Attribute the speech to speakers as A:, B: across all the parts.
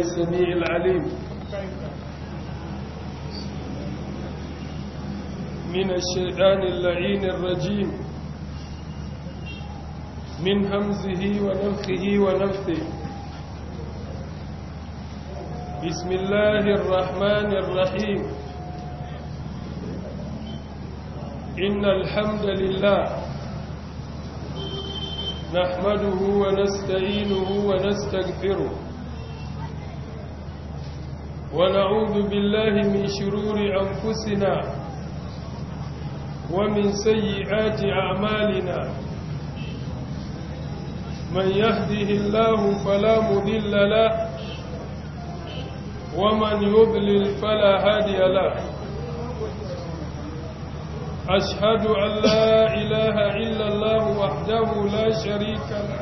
A: السميع العليم من الشيطان اللعين الرجيم من همزه ونفخه ونفثه بسم الله الرحمن الرحيم إن الحمد لله نحمده ونستعينه ونستغفره ونعوذ بالله من شرور أنفسنا ومن سيئات أعمالنا من يهده الله فلا مذل له ومن يضلل فلا هادي له أشهد أن لا إله إلا الله وحده لا شريك له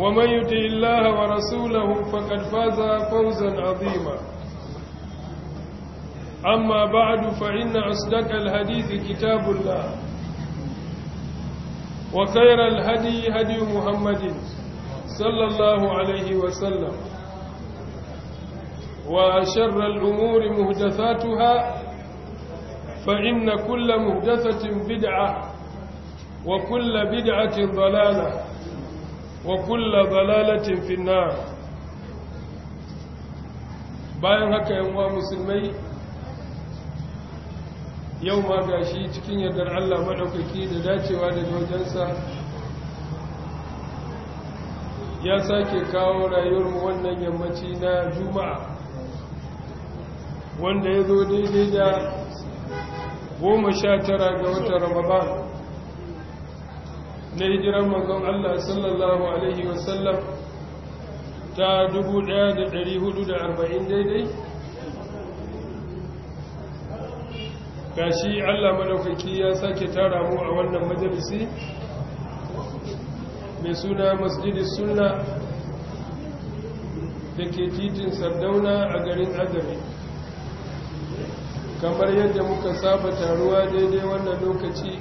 A: ومن يطع الله ورسوله فقد فاز فوزا عظيما أما بعد فإن أصدق الحديث كتاب الله وخير الهدي هدي محمد صلى الله عليه وسلم وشر الأمور مهدثاتها فإن كل مهدثة بدعة وكل بدعة ضلالة وكل ضلالة في النار bayan haka yan wa musulmai yau ma gashi cikin yardar Allah maɗaukaki da dacewa da wajensa ya sake kawo rayuwar mu wannan yammaci na juma'a wanda ya zo daidai da goma sha tara ga watan ramadan na hijiran manzon Allah sallallahu alaihi wasallam ta 1440 daidai Ga shi Allah madaukaki ya sake tara mu a wannan majalisi mai suna masjidin sunna da ke titin sardauna a garin azami kamar yadda muka saba taruwa daidai wannan lokaci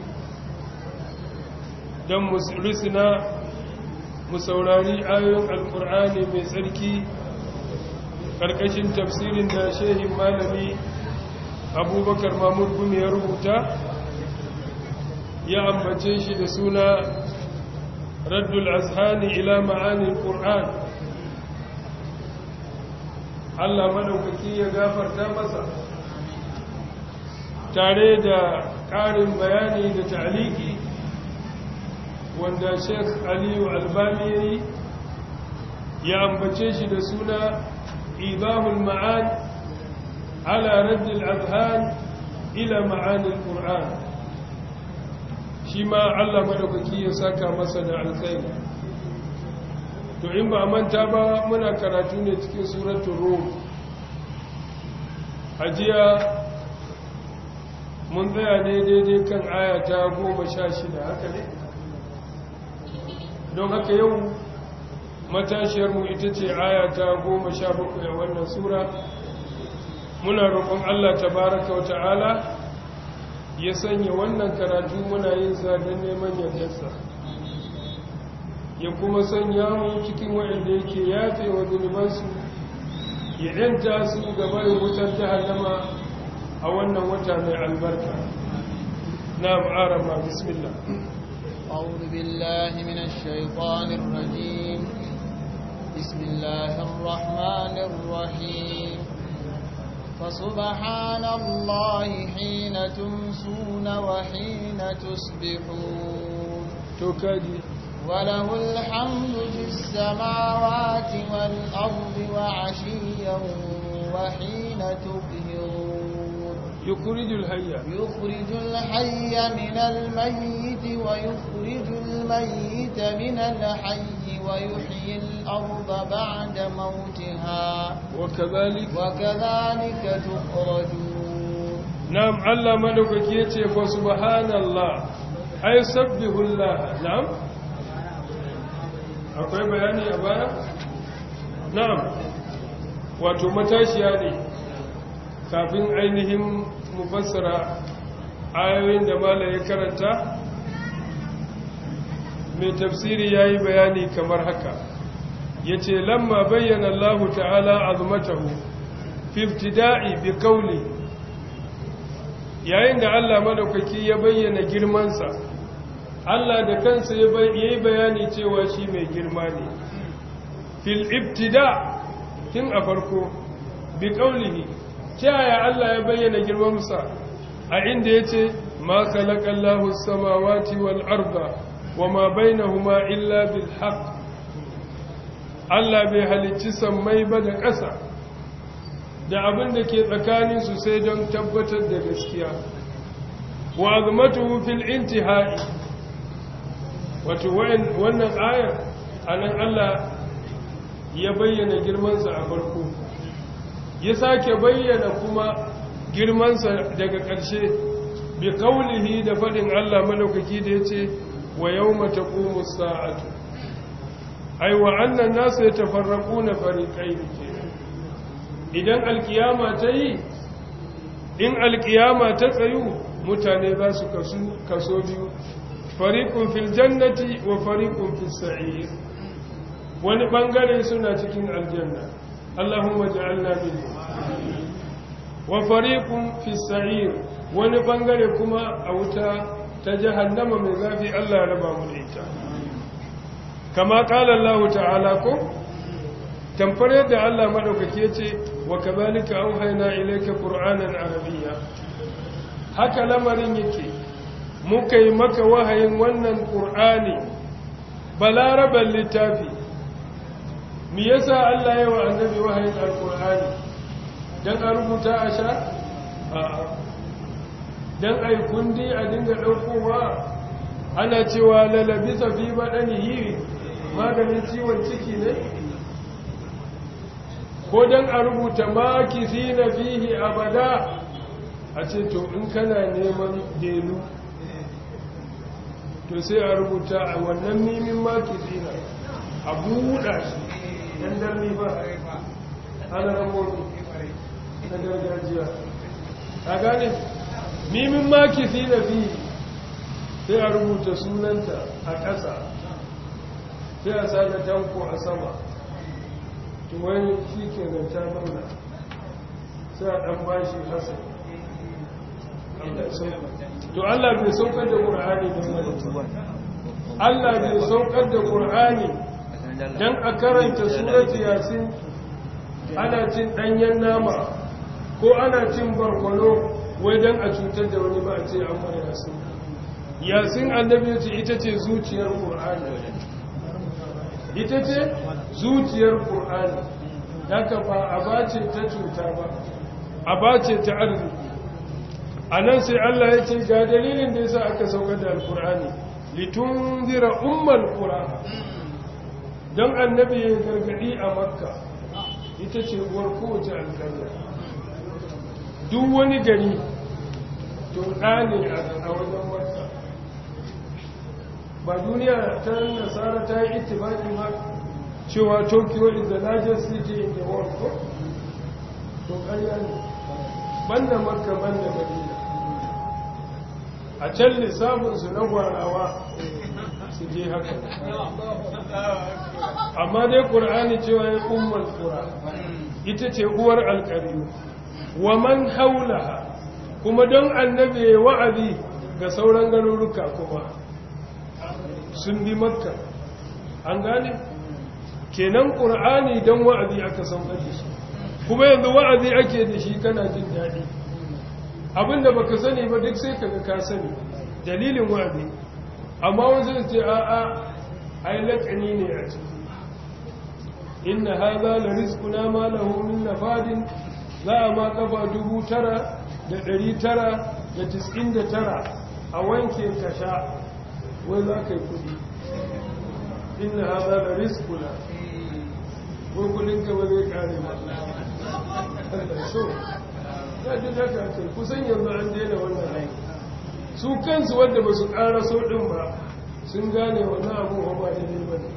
A: don musulusuna mu saurari ayoyin alkur'ani mai tsarki ƙarƙashin tafsirin da shehin malami abubakar mahmud gumi ya rubuta ya ambace shi da suna raddul azhani ila ma'ani ƙur'an allah maɗaukaki ya gafarta masa tare da ƙarin bayani da ta'aliki wanda sheikh aliyu albani ya yi ya ambace shi da suna ibamul ma'an ala raddil azhan ila ma'anil qur'an shi ma Allah madaukaki ya saka masa da alkhairi to in ba manta ba muna karatu ne cikin suratul rum ajiya mun tsaya ne daidai kan aya ta goma sha shida haka ne don haka yau matashiyarmu ita ce aya ta goma sha bakwai a wannan sura muna roƙon allah ta baraka wa ta'ala ya sanya wannan karatu muna yin sa don neman yadda ya kuma sanya mu cikin waɗanda yake yafe wa zunubansu ya ɗanta su gaba da wutar halama a wannan wata mai albarka na ma'arama bismillah
B: أعوذ بالله من الشيطان الرجيم بسم الله الرحمن الرحيم فسبحان الله حين تمسون وحين تصبحون تكدي وله الحمد في السماوات والأرض وعشيا وحين تظهرون
A: يخرج الحي يخرج الحي
B: من الميت ويخرج الميت من الحي ويحيي الأرض بعد موتها
A: وكذلك وكذلك
B: تخرجون نعم الله ملكك يتي فسبحان الله أي
A: سبه الله نعم أقول بياني أبانا نعم وتمتاشي هذه kafin ainihin mufassara ayoyin da mala ya karanta mai tafsiri ya yi bayani kamar haka ya ce lamma bayyana Allah ta'ala azumatahu fiftida'i bi kauli yayin da Allah madaukaki ya bayyana girmansa Allah da kansa ya yi bayani cewa shi mai girma ne fil ibtida tun a farko bi kaulihi ta yaya Allah ya bayyana girmansa a inda ya ce ma kalakallahu samawati wal arda wa ma bainahuma illa bil haqq Allah bai halicci sammai ba da ƙasa da abin da ke tsakaninsu sai don tabbatar da gaskiya wa azmatuhu fil intihai wato wannan ayar anan Allah ya bayyana girmansa a farko ya sake bayyana kuma girmansa daga ƙarshe bi kaulihi da faɗin Allah malaukaki da ya ce wa yau mata sa'atu ai wa annan nasu ya tafarraku na ke idan alkiyama ta yi in alkiyama ta tsayu mutane za su kaso biyu fariƙun fil jannati wa fariƙun fil sa'ir wani ɓangare suna cikin aljanna اللهم اجعلنا منهم وفريق في السعير wani bangare kuma a wuta ta jahannama mai zafi Allah ya raba mu da ita kama kala Allah ta'ala ko tamfar yadda Allah madaukake ce wa kadhalika auhayna ilayka qur'anan arabiyya haka lamarin yake muka yi maka wahayin wannan qur'ani balaraban littafi me yasa Allah ya wa annabi wahayin alkur'ani dan a rubuta a sha dan ai kundi a dinga daukowa ana cewa lalabisa fi badanihi maganin ciwon ciki ne ko dan a rubuta na fihi abada a ce to in kana neman delu to sai a rubuta a wannan mimin na a buɗa shi yan darni ba ana ramoni na gargajiya a gane mimin maki fi da fi sai a rubuta sunanta a ƙasa sai a sa tanko a sama To wani shi ke ta nuna sai a ɗan bashi hasa
C: to Allah bai saukar da ƙur'ani don wani Allah bai saukar da ƙur'ani dan a karanta
A: surat yasin ana cin danyen nama ko ana cin barkwano wai dan a cutar da wani ba a ce an fara yasin yasin annabi ya ce ita ce zuciyar qur'ani ita ce zuciyar qur'ani haka ba a bace ta cuta ba a bace ta arziki a nan sai Allah ya ce ga dalilin da yasa aka saukar da alkur'ani litunzira ummal qur'ani don annabi ya gargadi a makka ita ce uwar kowace alkarya duk wani gari to ɗa ne a wajen makka ba duniya ta nasara ta yi itibaki ba cewa tokyo is the largest city in the world ko to ƙarya ne banda makka banda madina a can lissafinsu na gwarawa su je haka amma dai ƙur'ani cewa ya ummul qura ita ce uwar alƙariyu wa man haula kuma don annabi ya wa'azi ga sauran garuruka kuma sun bi makka an gane kenan ƙur'ani don wa'azi aka san da shi kuma yanzu wa'azi ake da shi kana jin daɗi abinda baka sani ba duk sai kaga ka sani dalilin wa'azi amma wasu ce a'a ai laƙani ne a ciki inna haza la rizquna ma lahu min nafadin za ma kafa dubu tara da ɗari tara da tis'in da tara a wanke ka sha wai za ka yi kuɗi inna haza la rizquna ko kuɗin ka ba zai kare ba so ya ji daga kusan yanzu an daina wannan aiki su kansu wanda ba su ƙara ɗin ba sun gane wannan abubuwa ba da ne ba ne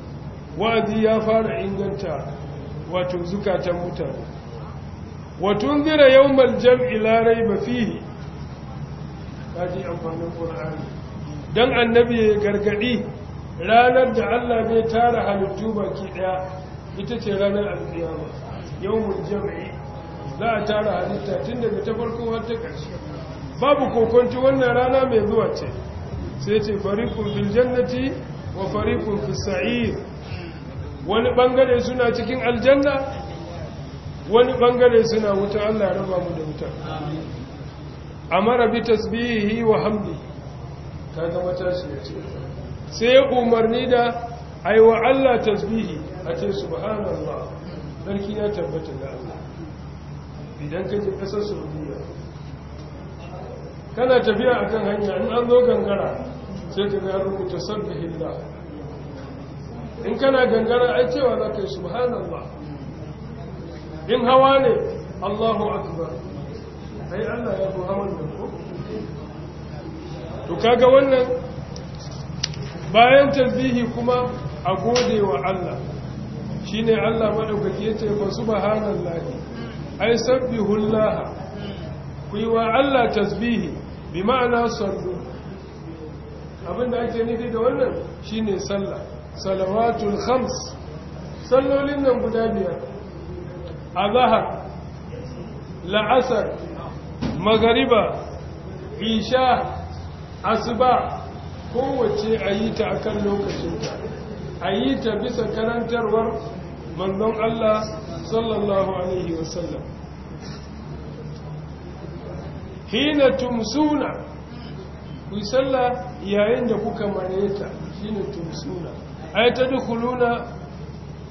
A: wa'azi ya fara inganta wato zukatan mutane watun zira yau maljam ilarai ba fiye kaji amfanin ƙur'ani don annabi ya gargaɗi ranar da allah bai tara halittu baki ɗaya ita ce ranar alƙiyama yau maljam'i za a tara halitta tun daga ta farko har ta ƙarshe babu kokonci wannan rana mai zuwa ce sai ce fariqun bil jannati wa fariqun fis sa'ir wani bangare suna cikin aljanna wani bangare suna wuta Allah ya raba mu da wuta amara bi tasbihi wa hamdi kaga shi ya ce sai ya umarni da aiwa Allah tasbihi a ce subhanallah sarki ya tabbata da Allah idan ka ji kasar saudiya kana tafiya akan hanya in an zo gangara sai ka ga rubuta hilla? in kana gangara ai cewa za ka yi subhanallah in hawa ne allahu akbar ai allah ya fi hawan da ko to kaga wannan bayan tasbihi kuma a gode wa allah shi ne allah maɗaukaki ya ce fa subhanallahi ai sabbihullaha ku yi wa allah tasbihi bi ma'ana sallu abinda ake nufi da wannan shine sallah salawatul khams sallolin nan guda biyar azhar la'asar magariba isha asuba kowace a yi ta a kan ta bisa karantarwar manzon Allah sallallahu Alaihi wasallam hina tumsuna ku salla sallah yayin da kuka mareta shine tumsuna ai tadkhuluna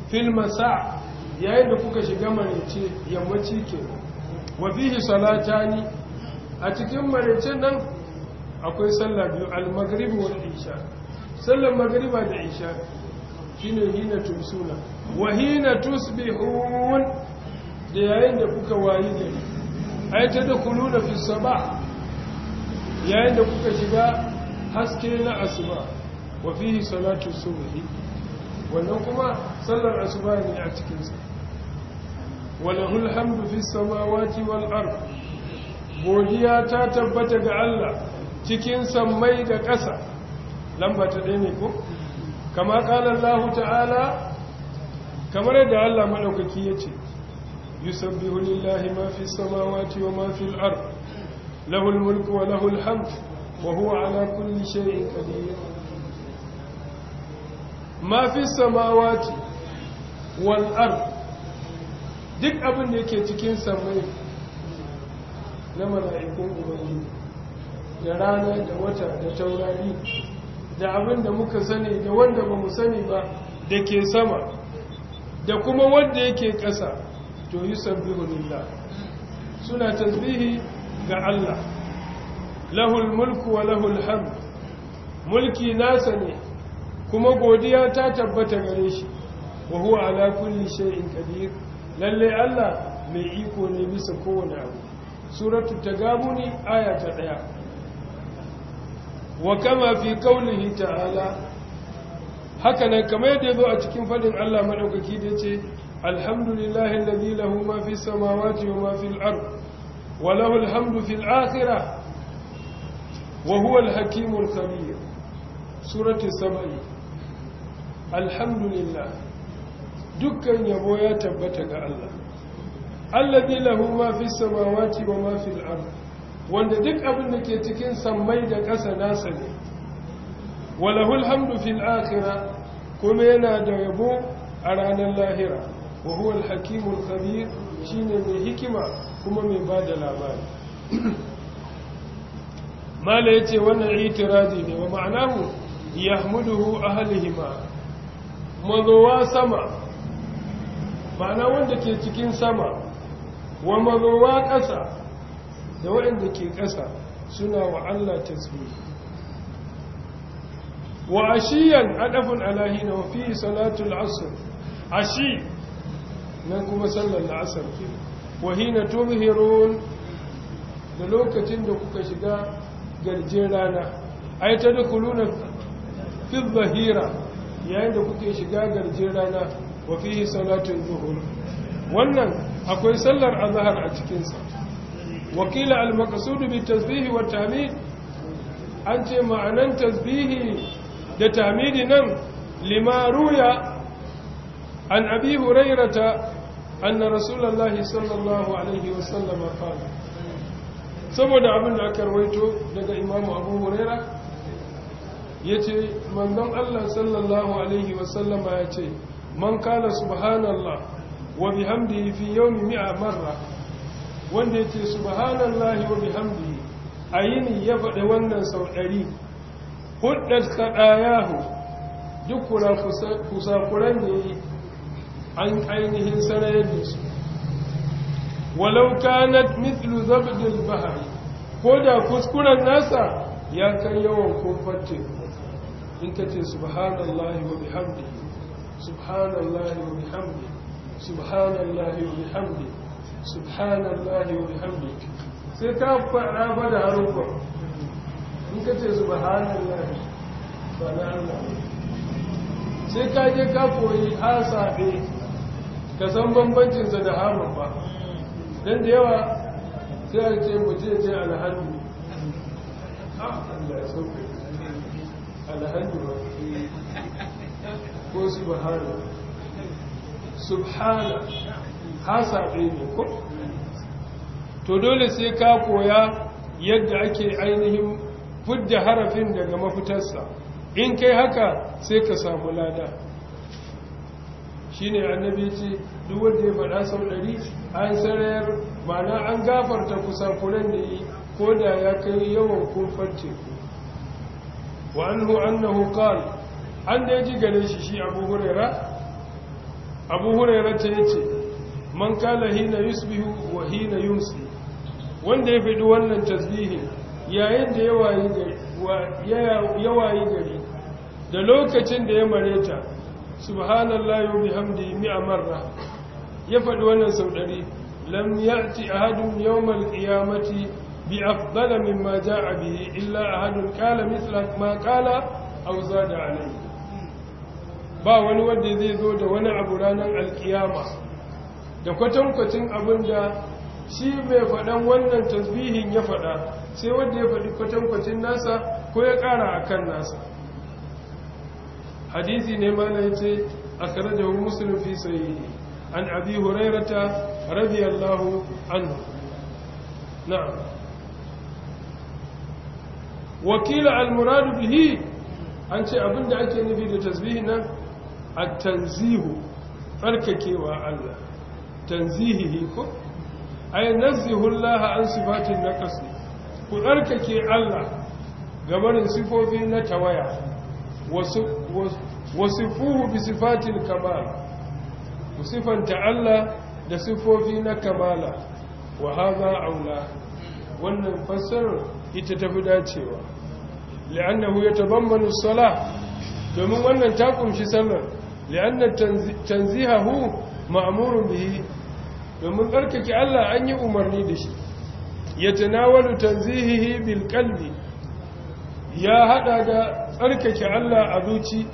A: fil masa yayin da kuka shiga marece yammaci ke wa fihi salatani a cikin marecen nan akwai salla biyu al-maghrib wa isha sallar maghriba da isha shine hina tumsuna wa hina tusbihun da yayin da kuka wayi gari aita ta da kulu da fisa ba yayin da kuka shiga haske na asuba wa salatu subhi wannan kuma sallar asuba ne a cikinsa Wani hamdu fis samawati wal wal'ar? godiya ta tabbata ga Allah cikin mai da ƙasa lamba ta ɗaya ne ko kama ƙalar lahu ta'ala kamar yadda Allah maɗaukaki ya ce يسبح لله ما في السماوات وما في الأرض له الملك وله الحمد وهو على كل شيء قدير ما في السماوات والأرض duk abin da yake cikin samai na mala'ikun ubangi da rana da wata da taurari da abin da muka sani da wanda ba mu sani ba da ke sama da kuma wanda yake ƙasa to yi sabbihu lillah suna tasbihi ga Allah lahul mulku wa lahul hamd mulki nasa ne kuma godiya ta tabbata gare shi wa huwa ala kulli shay'in qadir lalle Allah mai iko ne bisa kowane abu suratul tagabuni aya ta 1 wa kama fi qawlihi ta'ala haka nan kamar yadda yazo a cikin fadin Allah madaukaki da yace الحمد لله الذي له ما في السماوات وما في الأرض وله الحمد في الآخرة وهو الحكيم الخبير سورة السماء الحمد لله دكا يبويا تبتك الله الذي له ما في السماوات وما في الأرض wanda duk abin da ke cikin sammai da ƙasa nasa ne walahul hamdu fil akhirah kuma yana da yabo a ranar lahira wa huwa al-hakim al shine mai hikima kuma mai bada labari mala yace wannan itiradi ne wa ma'anahu yahmuduhu ahlihima ma'ana wanda ke cikin sama wa mazowa ƙasa da waɗanda ke ƙasa suna wa Allah tasbihi wa ashiyan adafun alahina wa fi salatul asr ashi nan kuma sallar la'asar ke wahina tumhirun da lokacin da kuka shiga garjin rana ai ta dukuluna fi zahira yayin da kuke shiga garjin rana wa fihi salatin zuhur wannan akwai sallar azhar a cikin sa wakila al-maqsud bi tasbihi wa tahmid an ce ma'anan tasbihi da tahmidi nan lima ruya عن أبي هريرة أن رسول الله صلى الله عليه وسلم قال saboda abin da aka rawaito daga imamu abu huraira ya ce manzon allah sallallahu alaihi wasallama ya ce man kala subhanallah wa bihamdihi fi yawmi mi'a wanda ya ce subhanallah wa bihamdihi a yini ya faɗi wannan sau ɗari kaɗa kaɗayahu duk kusakuran da ya yi an ainihin sarayar da su walau kanat mithlu zabdil bahari ko da kuskuren nasa ya kai yawan kofar teku ce subhanallahi wa bihamdi subhanallahi wa bihamdi subhanallahi wa bihamdi subhanallahi wa bihamdi sai ka faɗa ba da harufan ce subhanallahi ba na Allah sai ka je ka koyi asabe ka san bambancinsa da haram ba don da yawa sai a ce mutum ce alhandu alhandu ba ko subhana subhana hasa ne ko to dole sai ka koya yadda ake ainihin fudda harafin daga mafitarsa in kai haka sai ka samu lada shine annabi ce duk wanda ya faɗa sau ɗari an sarayar mana an gafarta kusan kuren da yi ko da ya kai yawan kofar teku wa an an annahu qal an da ji gare shi shi abu hurera abu hurera ta yace man kala hina yusbihu wa hina yumsi wanda ya faɗi wannan tasbihi yayin da yawayi gari da lokacin da ya mare ta. subhanallahi wa bihamdihi mi'a marra ya faɗi wannan sau ɗari lam ya'ti ahadun yawmal qiyamati bi afdala mimma ja'a bihi illa ahadun qala mithla ma qala aw zada alayhi ba wani wanda zai zo da wani abu ranar alkiyama da kwatankwacin abin da shi mai faɗan wannan tasbihin ya faɗa sai wanda ya faɗi kwatankwacin nasa ko ya ƙara a kan nasa hadisi ne ma na ce akhrajahu muslim fi sahihi an abi hurairata radiyallahu anhu na'am wakila bihi an ce abinda ake nufi da tasbihi nan at-tanzihu farkakewa Allah tanzihihi ko ay nazihu Allah an sifatin ku Allah sifofi na tawaya wasifuhu bi sifatil kamal sifanta Allah da sifofi na kamala wa hadha aula wannan fassarar ita tafi dacewa li'annahu yatabammanu as-salah domin wannan ta kunshi sallar li'anna tanzihahu ma'murun bihi domin tsarkake Allah an yi umarni da shi yatanawalu tanzihihi bil qalbi ya hada da tsarkake Allah a zuci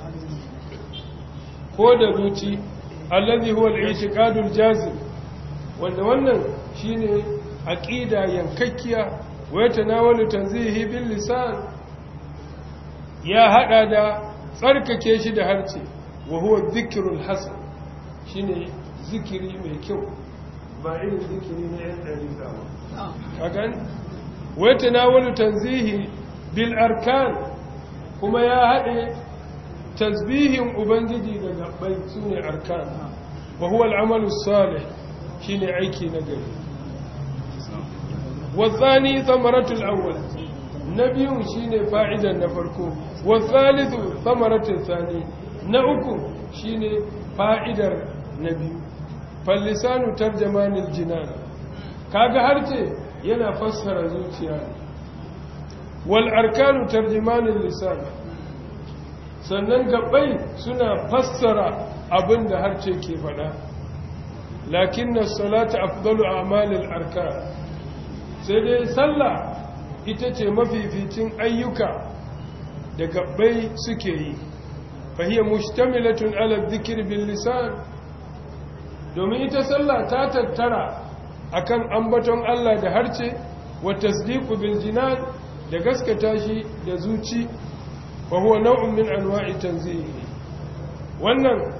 A: ko da zuci allazi huwa al-i'tiqadul jazim wanda wannan shine aqida yankakkiya wa tanawalu tanzihi bil lisan ya hada da tsarkake shi da harce wa huwa dhikrul hasan shine zikiri mai kyau ba irin zikiri na yan dariƙa ba kagan wa tanawalu tanzihi bil arkan kuma ya haɗe tasbihin ubangiji da gabbai su ne arkan wa huwa al'amalu shine aiki na gari والثاني ثمرة الأول نبي شيني فائدة نفركو والثالث ثمرة الثاني نأكو شيني فائدة نبي فاللسان ترجمان الجنان كاغا هرتي yana fassara zuciya wal arkanu tarjimanin lisan sannan gabai suna fassara abin da harce ke faɗa lakin na salata afdalu amalil arkan sai dai sallah ita ce mafificin ayyuka da gabai suke yi fahiyar mushtamilatun ala zikir bil lisan domin ita sallah ta tattara akan ambaton Allah da harce wa tasdiqu bin jinan da gaskata shi da zuci wa huwa nau'un min anwa'i tanzihi wannan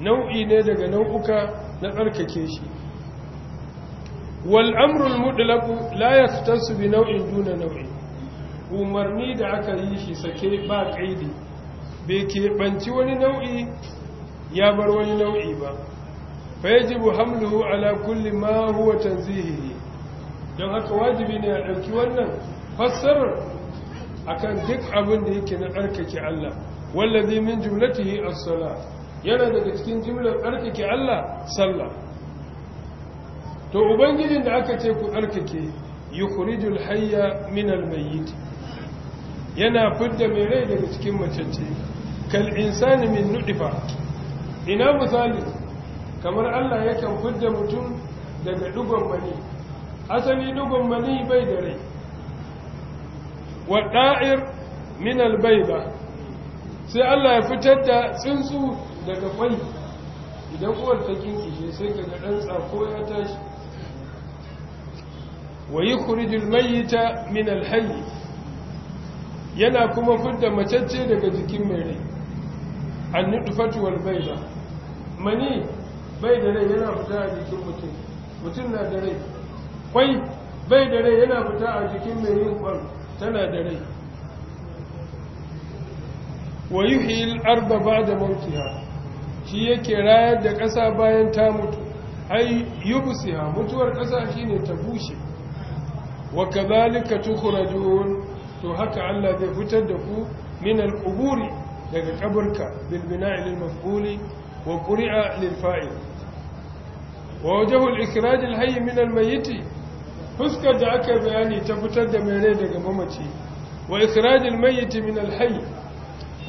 A: nau'i ne daga nau'uka na tsarkake shi wal amru al mutlaq la yaftasu bi nau'in duna nau'in umarni da aka yi shi sake ba kaidi bai keɓanci wani nau'i ya bar wani nau'i ba fa yajibu hamluhu ala kulli ma huwa tanzihi don haka wajibi ne a ɗauki wannan fassarar akan duk abin da yake na tsarkake Allah wallazi min jumlatihi as-sala yana daga cikin jumlar arkake Allah sallah to ubangijin da aka ce ku tsarkake yukhrijul hayya min al-mayyit yana fidda mai rai daga cikin macece kal insani min nudifa ina misali kamar Allah yakan fidda mutum daga dugon bani, asali dugon bani bai da rai wa da'ir min albayda sai Allah ya fitar da tsuntsu daga kwai idan uwar ta kinkishe sai kaga dan tsako ya tashi wa yi yukhrijul ta min alhayy yana kuma fidda macacce daga jikin mai rai annutfatu wal bayda mani bai da rai yana fita a jikin mutum mutum na da rai kwai bai da rai yana fita a jikin mai yin kwallo. tana da rai wa Arba ba da mautiha shi yake rayar da ƙasa bayan ta mutu ai mutuwar ƙasa shine ta bushe wa kadhalika tukhrajun to haka Allah zai fitar da ku minal al daga kaburka Bilbina bina'i maf'uli wa ƙuri'a lil fa'il wa wajhu al-ikhraj al-hayy fuskar da aka bayani ta fitar da mai rai daga mamaci wa ikhrajil mayyit min al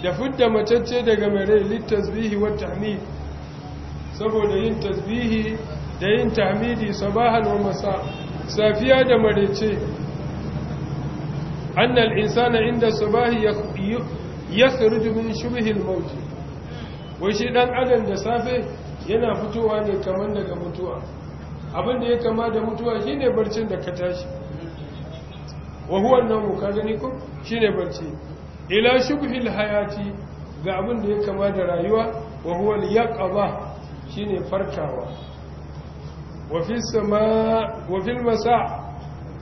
A: da fidda matacce daga mai rai litasbihi wa tahmid saboda yin tasbihi da yin tahmidi sabahan wa masa safiya da marece أن الإنسان عند الصباح min من شبه الموت shi dan adam da safe yana fitowa ne kamar daga mutuwa abin da ya kama da mutuwa shine barcin da ka tashi wa huwa an ka gani ko shine barci ila shubhil hayati ga abin da ya kama da rayuwa wa huwa al shi shine farkawa wa fi sama wa fil masa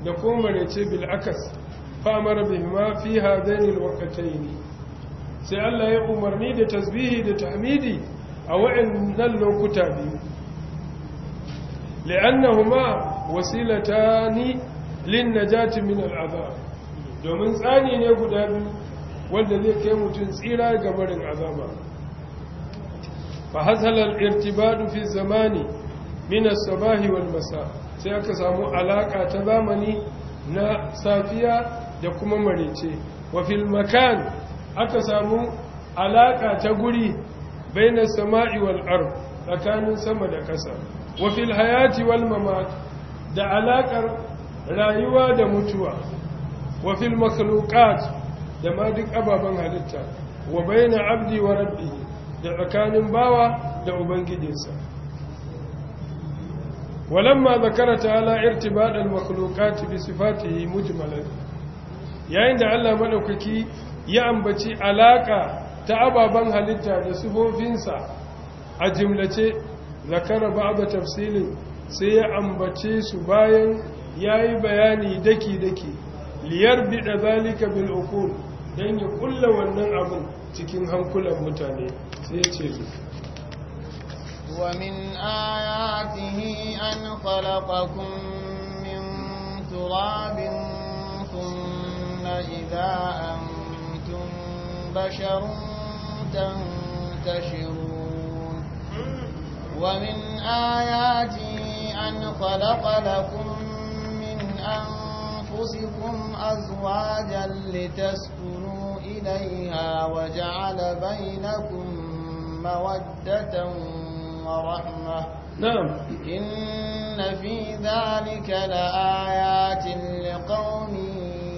A: da kuma rece bil akas fa amara bihima fi hadaini al ne, sai Allah ya umarni da tasbihi da tahmidi a wa'in nan lokuta biyu li'annahuma wasilatani lin ta min al'azab domin tsani ne guda biyu wanda zai kai mutum tsira ga barin azaba fa hasalal irtibadu fi zamani min as wal masa sai aka samu alaka ta zamani na safiya da kuma marece wa fil makan aka samu alaka ta guri bainas sama'i wal ard tsakanin sama da ƙasa wa fil hayati wal mamat da alakar rayuwa da mutuwa wa fil makhluqat da ma duk halitta wa baina abdi wa rabbi da tsakanin bawa da ubangijinsa walamma zakara ta'ala irtibad al makhluqat bi sifatihi mujmalan yayin da Allah madaukaki ya ambaci alaka ta ababen halitta da sifofinsa a jimlace zakara ba'da tafsilin sai ya ambace su bayan yayi bayani daki daki liyar bida zalika bil uqul dan ya kulla wannan abin cikin hankulan mutane sai ya ce
B: ومن آياته أن خلقكم من تراب ثم إذا أنتم بشر تنتشرون ومن آياته أن خلق لكم من أنفسكم أزواجا لتسكنوا إليها وجعل بينكم مودة ورحمة نعم إن في ذلك لآيات لقوم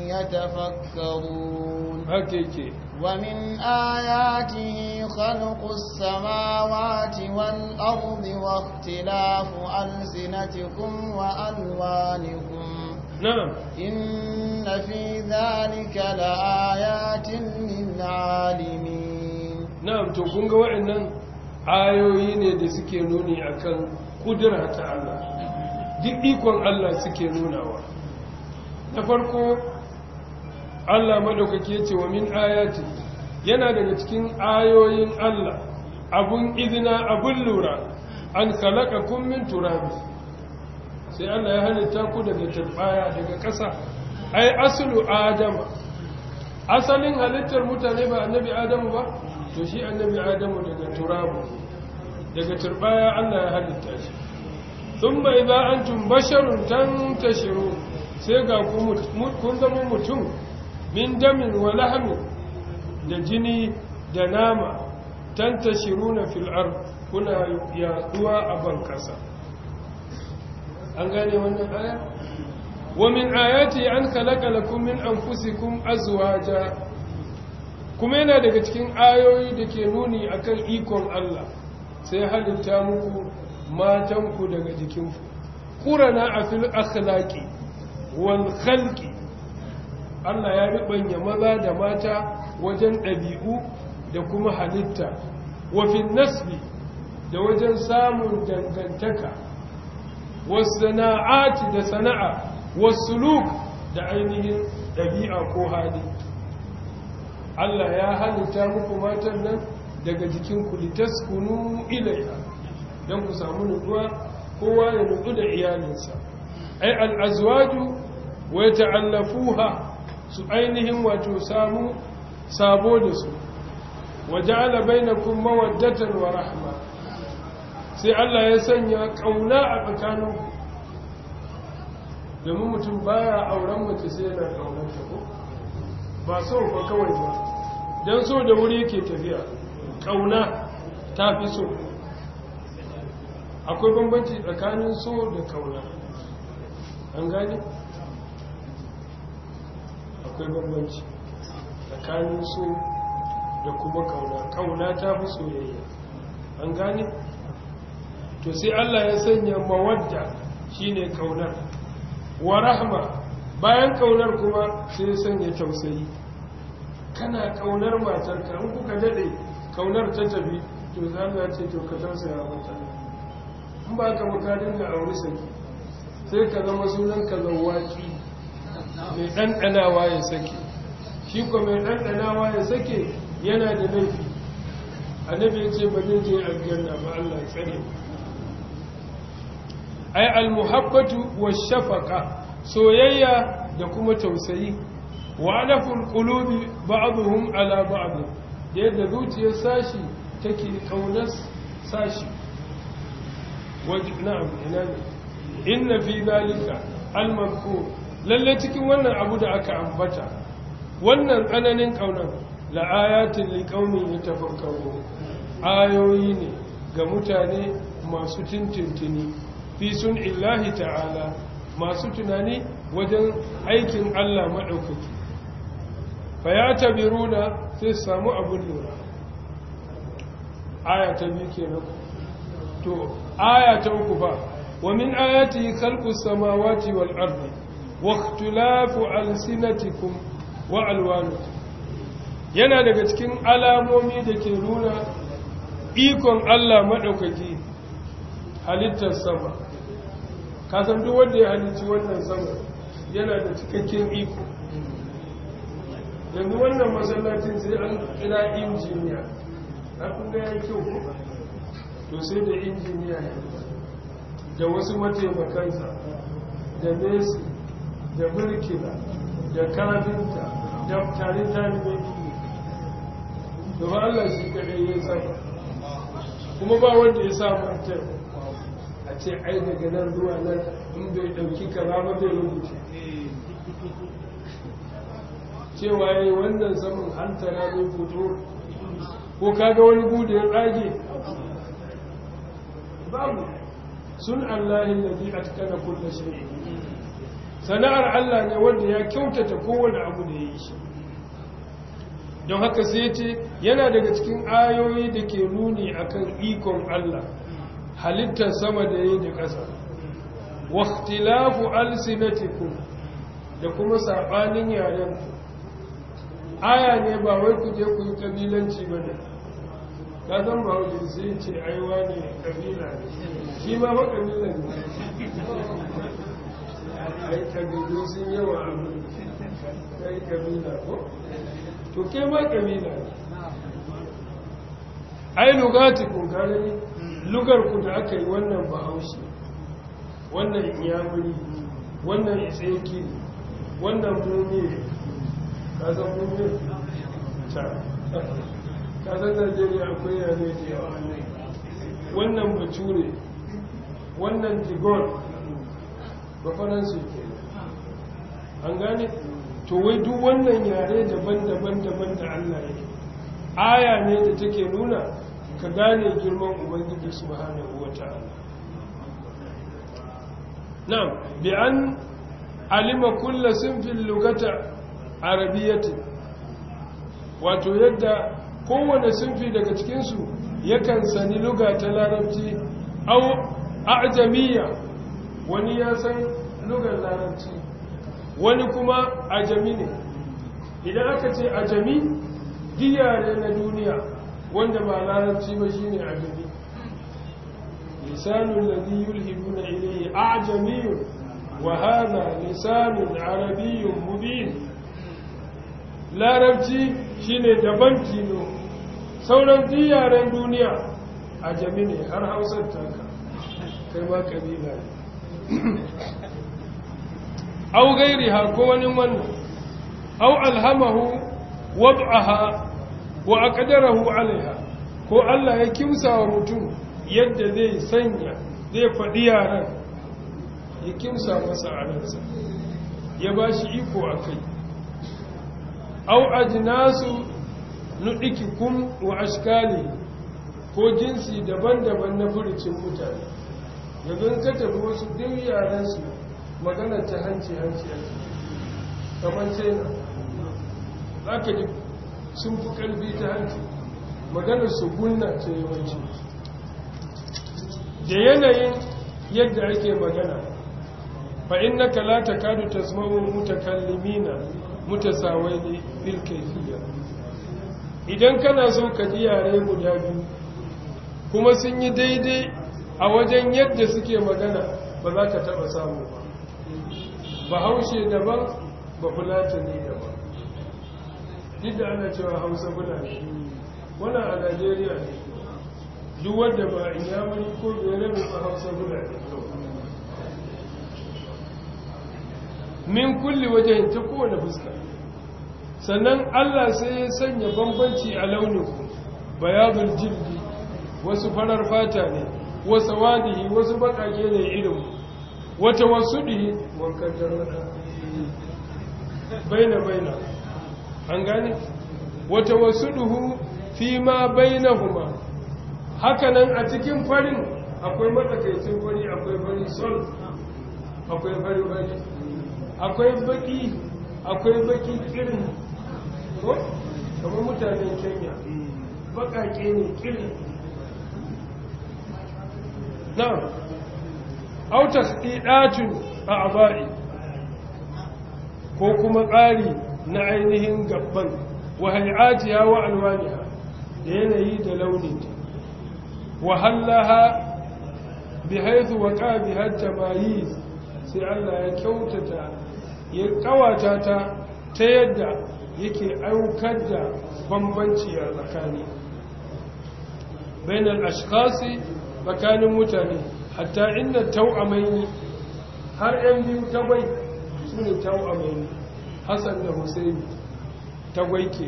B: يتفكرون hakiki wa min ayatihi khalqus samawati wal ardi wa ikhtilafu alsinatikum wa alwanikum نعم إن في ذلك لآيات للعالمين
A: نعم تكون وعنا ayoyi ne da suke nuni akan kudura Allah duk ikon Allah suke nunawa na farko Allah madaukake ce wa min ayati yana daga cikin ayoyin Allah abun izina abun lura an khalaqakum min turabi sai Allah ya halitta ku daga turbaya daga ƙasa ai aslu adama asalin halittar mutane ba annabi adamu ba to shi annabi adamu daga turabi daga turbaya Allah ya halitta shi thumma idza antum basharun tantashiru sai ga ku kun zama mutum min damin wa lahmi da jini da nama tantashiruna fil ard kuna yaduwa a bankasa. an gane wannan aya wa min ayati an khalaqa lakum min anfusikum azwaja kuma yana daga cikin ayoyi da ke nuni akan ikon Allah sai halitta muku matanku daga jikinku kurana a fil akhlaqi wal khalqi Allah ya ribanya maza da mata wajen ɗabi'u da kuma halitta wafin nasbi da wajen samun dangantaka wasana'ati da sana'a wasu luk da ainihin ɗabi'a ko hali Allah ya halitta muku matan nan daga jikinku litaskunu ilaiha don ku samu nutsuwa kowa ya nutsu da iyalinsa ai al'azwaju wa ya ha. su ainihin wato samu sabo da su waja'ala bainakum mawaddatan wa rahma sai Allah ya sanya ƙauna a tsakaninku domin mutum baya auren mace sai yana ko ba so ba kawai ba dan so da wuri yake tafiya ƙauna ta fi so akwai bambanci tsakanin so da kauna an gane akwai bambanci tsakanin so da kuma kauna kauna ta fi soyayya an gane to sai Allah ya sanya mawadda shine kaunar wa rahma bayan kaunar kuma sai ya sanya tausayi kana kaunar ka in kuka dade kaunar ta tafi to za ka ce to ka tausaya mata in ba ka muka da aure saki sai ka zama sunan ka zawaki mai ɗanɗanawa ya sake shi ko mai ɗanɗanawa ya sake yana da laifi annabi ya ce ba zai je aljanna ba Allah ya tsare ai almuhabbatu wa washafaqa soyayya da kuma tausayi wa alaful qulubi ba'dhum ala ba'd yadda zuciyar sashi take kaunas sashi wajibna na'am inna fi dhalika al lalle cikin wannan abu da aka ambata wannan tsananin kaunar liƙaunin ya tafi kawo ayoyi ne ga mutane masu tintintini fi sun illahi ta'ala masu tunani wajen aikin Allah maɗaukaki fa ya runa sai samu abin lura aya ta biyu kenan to aya ta uku ba wa min ayati khalqus samawati wal ardi واختلاف ألسنتكم وألوانكم yana daga cikin alamomi da ke nuna ikon Allah maɗaukaki halittar sama kasan duk wanda ya halicci wannan sama yana da cikakken iko yanzu wannan masallacin sai an kira injiniya a kuma ya kyau to sai da injiniya da wasu mataimakansa da nesi da burkina da kafinta da tare da ba allah shi kadai ya sani kuma ba wanda ya sa martar a ce ai daga nan zuwa nan in bai ɗauki kara ba zai rubuta. cewa ya yi wannan saman hantara zai fito ko kaga wani buɗe ya rage babu sun allahin da fi a cikin kulle sana'ar Allah ne wanda ya kyautata kowane abu da ya yi don haka sai ce yana daga cikin ayoyi da ke nuni akan ikon Allah halittar sama da yi da ƙasa waktilafu alsinatikum da kuma saɓanin yarenku aya ne ba wai ku je ku yi ƙabilanci ba ne ƙazan ba wajen sai ce aiwa ne ƙabila ne shi ma ba ƙabila ne a yi sun yawa a mu ta yi kabila ko to ke ma kabila ai lugati kun kare ne lugar ku da aka yi wannan bahaushe wannan iyamuri wannan iseki wannan mummi ka san mummi ta ka san najeriya akwai yare da yawa wannan bature wannan jigon referensu ke an gane to wai duk wannan yare daban-daban daban da Allah ke. aya ne da take nuna ka gane girman ubangiji subhanahu wata'ala na'am bi an alima sun sinfin lugata arabiyyati wato yadda kowane sinfi daga cikinsu yakan sani luga ta larabci au a'jamiyya wani ya san lugar larabci wani kuma ajami ne idan aka ce ajami diyare na duniya wanda ba larabci ba shi ne ajami lisanun na yulhibuna ilayhi ajamiyun wa hadha lisanun mubin larabci shine daban kino sauran diyaren duniya ajami ne har hausar taka kai ma kabila ne au gairiha ko wani wannan au alhamahu wad'aha wa aqdarahu ko Allah ya kimsa wa mutum yadda zai sanya zai yaran ya kimsa masa aransa ya ba iko a kai au ajinasu nuɗikikum wa ashkali ko jinsi daban-daban na furicin mutane yanzu ka tafi wasu duk yaran su magana ta hanci hanci hanci kamar china za ka ji sun fi kalbi ta hanci maganar su gunna ce yawanci da yanayin yadda ake magana fa innaka la takadu tasma'u mutakallimina mutasawaini bil kayfiyya idan kana so ka ji yare guda biyu kuma sun yi daidai a wajen yadda suke magana ba za ka taɓa samu ba ba haushe daban ba fulata ne daban duk da ana cewa hausa guda ne, wani a najeriya ne duk wadda ba in yamani ko bere ba hausa guda ne min kulli wajen ta kowane fuska sannan allah sai ya sanya bambanci a launin bayadul jirgi wasu farar fata ne wasu sawadihi wasu bakake ne irin wata dihi wankan jarrada baina baina an gane wata duhu fi ma bainahuma hakanan a cikin farin akwai matsakaicin fari akwai fari sol akwai fari fari akwai baki akwai baki kirin ko kamar mutanen kenya bakake ne kirin na'am autas idatun a'ba'i ko kuma ƙari na ainihin gabban wa hay'atiha wa ha da yanayi da launin ta wa hallaha bihaythu waqa biha tabayiz sai Allah ya kyautata ya kawata ta ta yadda yake aukar da bambanci a tsakani bainal ashkhasi tsakanin mutane hatta inda tau'amaini har yan biyu tagwai su ne tau'amaini hassan da husaini tagwai ke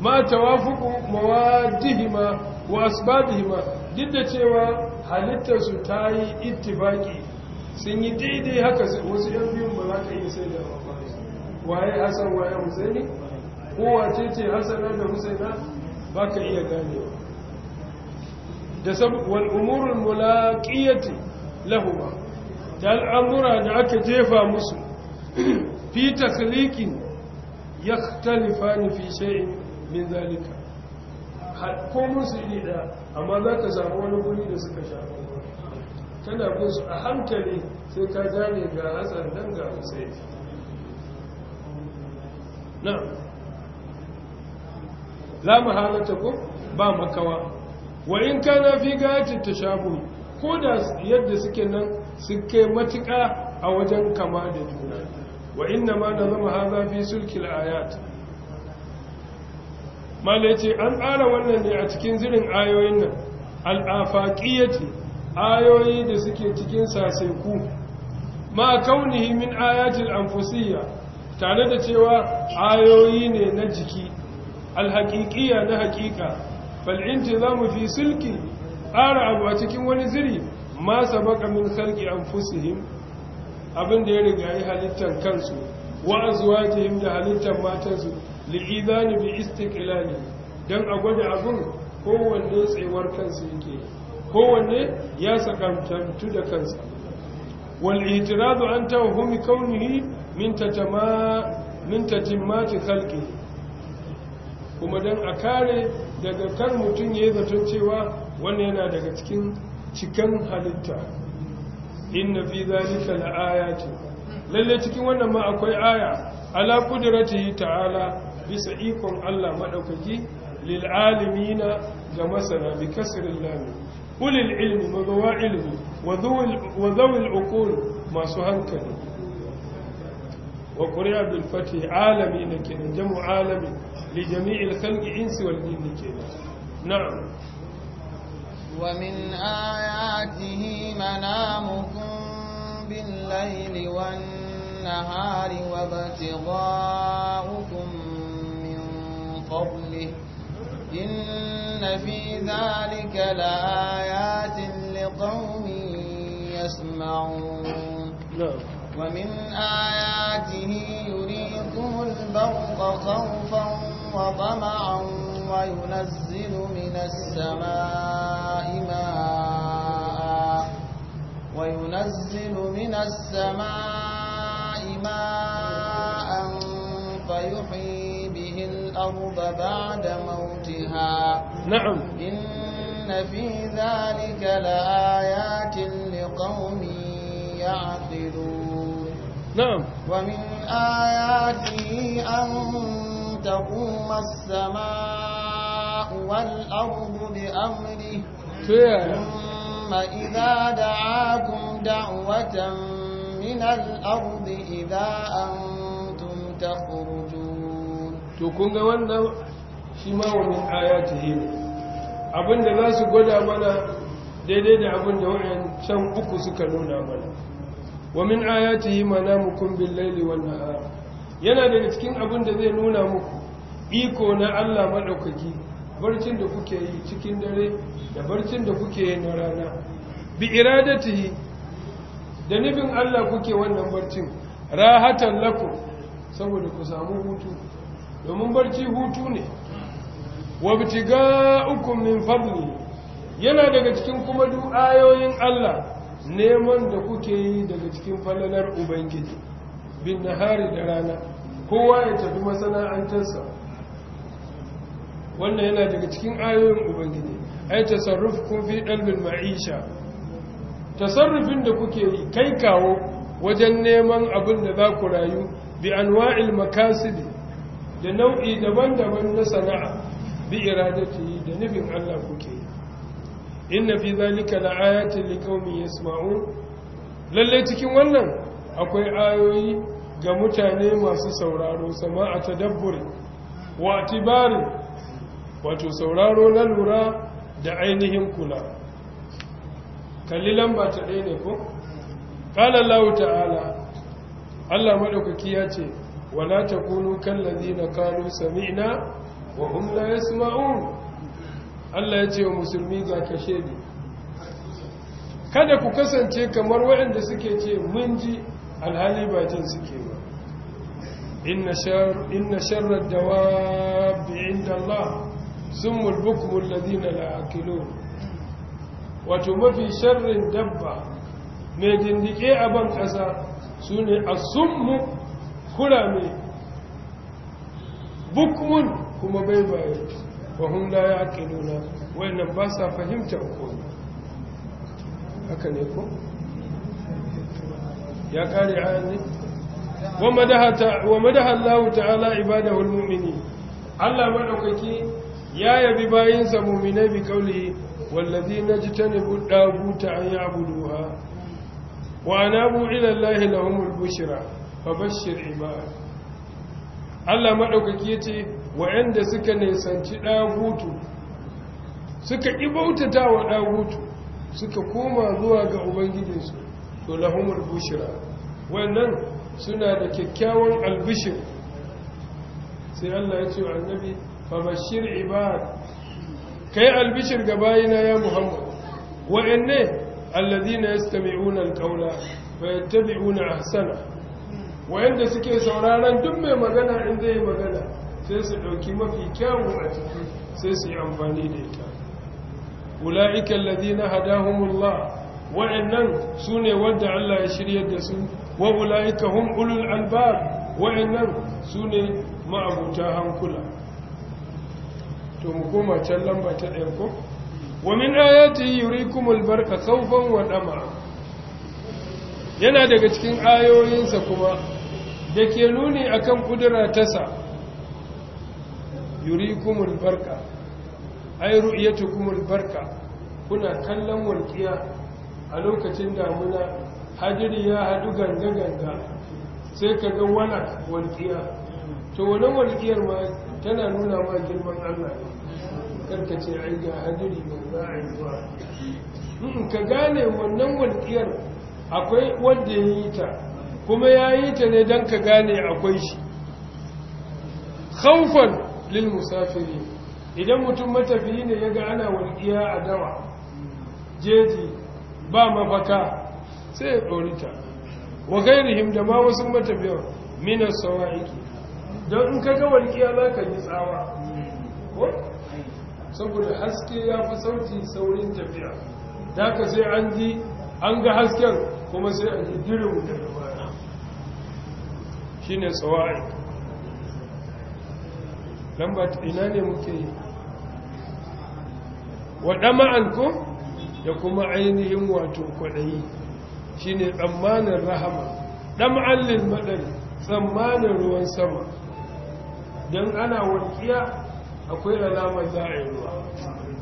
A: ma tawafuku mawadihima wa asbabihima duk da cewa halittarsu ta yi ittifaki sun yi daidai haka wasu yan biyun ba za ka iya sai da waye hassan waye husaini kowace ce hassana da husaina ba ka iya ganewa da wal umurin mulaqiyati lahuma da al'amura da aka jefa musu fi takhliqin yakhtalifani fi shay'in min zalika ko musu ne da amma za ka samu wani guri da suka shafa kana bin su a hankali sai ka gane ga hasan nan ga hussein na la mahalata ko ba makawa wa in kana fi gayatin tashabuhi ko da yadda suke nan suke matuƙa a wajen kama da juna wa inna ma na zama haza fi sulkil ayat mala an tsara wannan ne a cikin zirin ayoyin nan al'afaƙiyyati ayoyi da suke cikin sasaiku ma kaunihi min ayatil anfusiyya tare da cewa ayoyi ne na jiki alhaƙiƙiya na haƙiƙa fal'inti za mu fi silki ƙara abu a cikin wani ziri ma sabaka min salki an fusihim abin ya riga yi halittar kansu wa azwajihim da halittar matansu ni bi istiqlali don a gwada abin kowanne tsayuwar kansu yake kowanne ya sakamtantu da kansa wal itiradu an tawhumi kaunihi min tatama min khalqi kuma dan a kare daga kar mutum ya yi zaton cewa wannan yana daga cikin cikan halitta inna fi zalika ce. lalle cikin wannan ma akwai aya ala qudratihi ta'ala bisa ikon Allah madaukaki lil alimina ga masana bi kasril lam ilmi wa ilmi. wa dhul wa uqul masu hankali wa qur'a bil fathi alamina kin jamu alamin لجميع الخلق انس والجن كده نعم
B: ومن آياته منامكم بالليل والنهار وابتغاؤكم من فضله إن في ذلك لآيات لقوم يسمعون نعم. ومن آياته يريد البرق خوفا وطمعا وينزل من السماء ماء وينزل من السماء ماء فيحيي به الأرض بعد موتها نعم إن في ذلك لآيات لقوم يعقلون نعم ومن آياته أن تقوم السماء والأرض بأمره ثم إذا دعاكم دعوة من الأرض إذا أنتم تخرجون
A: تكون وانا شما ومن آياته abin da za su gwada mana daidai da abin da wa'yan can uku suka nuna mana wa min ayatihi manamukum bil laili wan nahar yana daga cikin abin da zai nuna muku iko na Allah madaukaki barcin da kuke yi cikin dare da barcin da kuke yi na rana bi iradatihi da nufin Allah kuke wannan barcin rahatan lakum saboda ku samu hutu domin barci hutu ne wa bitiga'ukum min fadli yana daga cikin kuma du'ayoyin Allah neman da kuke yi daga cikin falalar ubangiji bin nahari da rana kowa ya tafi masana'antarsa wannan yana daga cikin ayoyin ubangiji ai tasarruf kun fi dalbin ma'isha tasarrufin da kuke yi kai kawo wajen neman abin da za ku rayu bi anwa'il makasidi da nau'i daban-daban na sana'a bi iradati da nufin Allah kuke yi inna fi zalika la'ayatin liqaumin yasma'un lalle cikin wannan akwai ayoyi ga mutane masu sauraro sama'a tadabburi wa tibari wato sauraro na lura da ainihin kula kalli lamba ta ɗaya ne ko qala Allah ta'ala Allah madaukaki ya ce wala takunu kallazina qalu sami'na wa hum la yasma'un Allah ya ce wa musulmi ga kashe ne kada ku kasance kamar waɗanda suke ce mun ji alhali ba suke ba inna sharar dawa bi inda Allah sun mulbukumul ladina la'akilo wato mafi sharrin dabba mai dindike a ban ƙasa su ne a sunmu kurame bukmun kuma baibaye wa hun la ya ake nuna wayannan ba sa fahimta uku haka ne ko ya kare ayan ne wa madaha Allah ta'ala ibada al Allah maɗaukaki ya yabi bayinsa mu'minai bi kauli wallazi najtanibu daguta an ya'buduha wa anabu ila Allah lahumul bushra fabashshir ibad Allah madaukaki yace wa'anda suka nisanci ɗagutu suka ibautata wa ɗagutu suka koma zuwa ga ubangijinsu to lahumar bushira wannan suna da kyakkyawan albishir sai Allah ya ce wa annabi fabashir ibad kai albishir ga bayina ya muhammad wa'anne alladhina yastami'una alqawla fayattabi'una ahsana wa'anda suke sauraron duk mai magana in zai magana sai su ɗauki mafi kyawu a ciki sai su yi amfani da ita ula'ika alladhina hadahumullah wa'annan sune wanda Allah ya shiryar da su wa ula'ika hum ulul albab wa'annan sune ma'abuta hankula to mu koma can lamba ta ɗaya ko wa min ayati yurikumul barqa khawfan wa dama yana daga cikin ayoyinsa kuma da nuni akan kudura tasa yurikumul barka ai ru'yatukumul barka kuna kallon walqiya a lokacin damuna hadiri ya hadu ganga ganga sai ka ga wala walqiya to wannan walqiyar ma tana nuna ma girman Allah karka ce ai ga hadiri ba za a yi ba hmm, ka gane wannan walqiyar akwai wanda ya yi ta kuma ya yi ta ne don ka gane akwai shi khaufan lil musafiri idan mutum matafiyi ne ya ga ana walƙiya a dawa jeji ba mafaka sai ya ɗorita wa gairihim da ma wasu matafiya minas sawa'iki don in ka ga walƙiya za ka yi tsawa saboda haske ya fi sauti saurin tafiya da ka sai an ji an ga hasken kuma sai an ji dirin da shi ne aiki. lamba ina ne muke yi waɗa ma'an ko da kuma ainihin wato kwaɗayi shi ne tsammanin rahama ɗam'allin maɗari tsammanin ruwan sama don ana walƙiya akwai alamar za a yi ruwa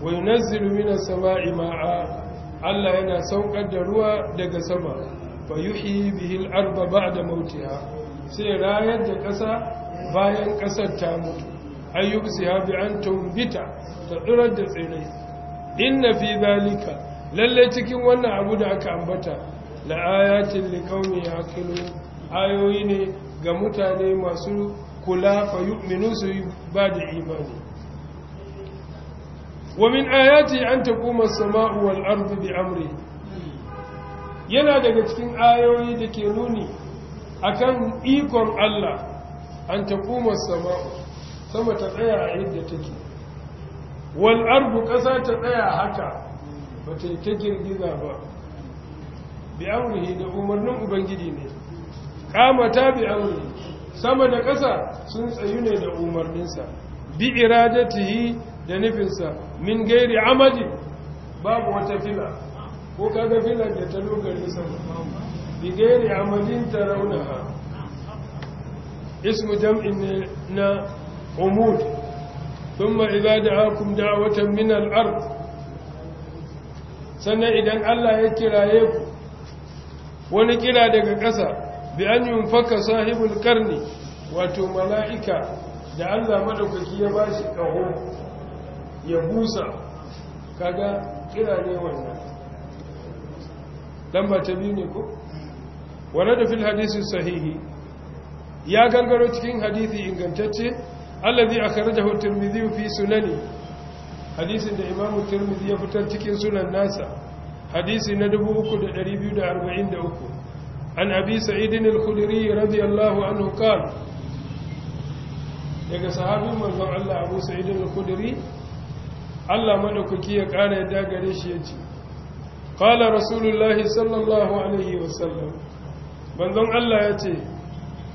A: wai nazilu mina sama'i ma'a Allah yana saukar da ruwa daga sama fa yuhi bihi al-arba ba'da mautiha sai rayar da ƙasa bayan ƙasar ta mutu ayyuksi ya bi an tumbita ta tsirar da tsirai inna fi zalika lalle cikin wannan abu da aka ambata la ayatin li qaumi yaqilun ayoyi ne ga mutane masu kula fa yu'minu su ba da imani wa min ayati an taquma as-sama'u wal ardu bi amri yana daga cikin ayoyi da ke nuni akan ikon Allah an taquma as-sama'u sama ta tsaya a yadda take wal ardu ƙasa ta tsaya haka ba ta ta girgiza ba bi amrihi da umarnin ubangiji ne kamata bi amrihi sama da ƙasa sun tsayu ne da umarninsa bi iradatihi da nufinsa min gairi amadi babu wata fila ko kaga filar da ta dogare sama bi gairi amadin tarawunaha ismu jam'in ne na عمود ثم إذا دعاكم دعوة من الأرض سنة إذن الله يكرا يكو ونكرا دك قسا بأن ينفك صاحب القرن واتو ملائكة da Allah madaukaki ya bashi kaho ya busa kaga kira ne wannan lamba ta biyu ne ko wala da fil hadisi sahihi ya gangaro cikin hadisi ingantacce allazi akhrajahu at-tirmidhi fi sunani hadisin da imamu tirmidhi ya fitar cikin sunan nasa hadisi na 3243 an abi sa'id al-khudri radiyallahu anhu qala daga sahabin manzon Allah Abu Sa'id al Allah madaukaki ya kara yadda gare shi yace qala rasulullahi sallallahu alaihi wasallam manzon Allah yace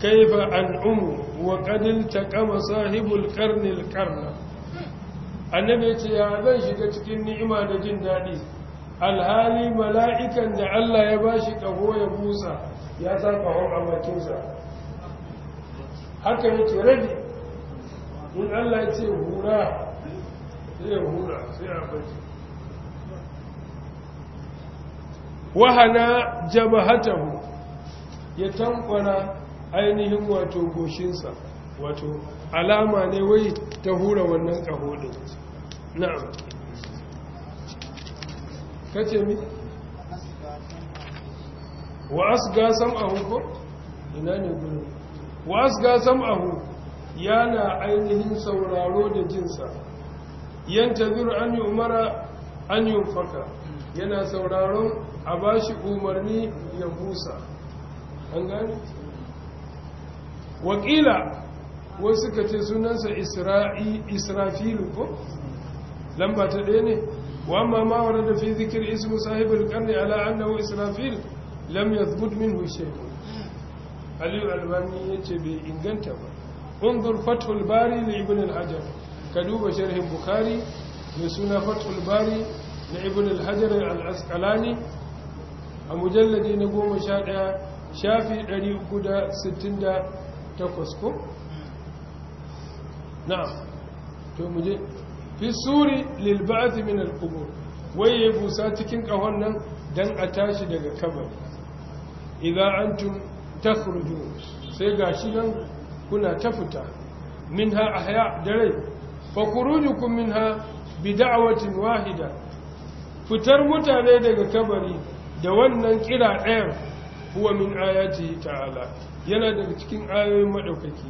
A: كيف أنعم وقد التقم صاحب القرن القرن النبي تيابي شكتك النعمة لجن دادي alhali mala'ikan da Allah ya ba shi ƙaho ya busa ya sa ƙahon a bakinsa haka yake rabi in Allah ya ce hura sai ya hura sai ya tankwana ainihin wato goshinsa wato alama ne wai ta hura wannan ƙaho ɗin na'am kace mi wa asga sam'ahu ko ina ne gurin wa asga sam'ahu yana ainihin sauraro da jinsa yantaziru an umara an yunfaka yana sauraron a bashi umarni ya busa an gani wakila wai suka ce sunansa israfilu ko lamba ta ɗaya ne wa amma ma wadda da fi zikir ismu sahibul karni ala annahu israfil lam yathbut minhu shay'un aliyu albani ya ce bai inganta ba unzur fathul bari li ibn al-hajar ka duba sharhin bukhari mai suna fathul bari na ibn al-hajar al-asqalani a mujalladi na goma sha ɗaya shafi ɗari uku da sittin da takwas ko hmm. na'am to muje je fi suri lil ba'd min al qubur waye busa cikin kahon nan dan a tashi daga kabari an antum takhrujun sai gashi nan kuna ta fita minha ahya dare fa khurujukum minha bi da'watin wahida fitar mutane daga kabari da wannan kira ɗayan huwa min ayati ta'ala yana daga cikin ayoyin maɗaukaki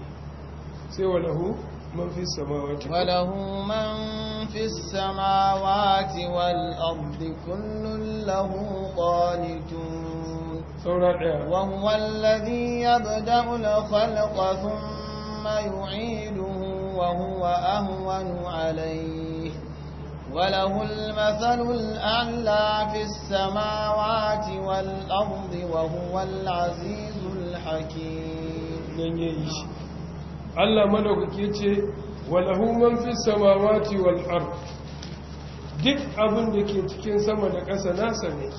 B: sai walahu man fi samawati walahu man fi samawati wal ardi kullun lahu qanitun saura daya wa huwa alladhi yabda'u al khalqa thumma yu'iduhu wa huwa ahwanu alayhi وله المثل الأعلى في السماوات والأرض وهو العزيز hakim don ya yi shi
A: allah madaukake ce walahu man fi samawati wal ard duk abin da ke cikin sama da ƙasa nasa ne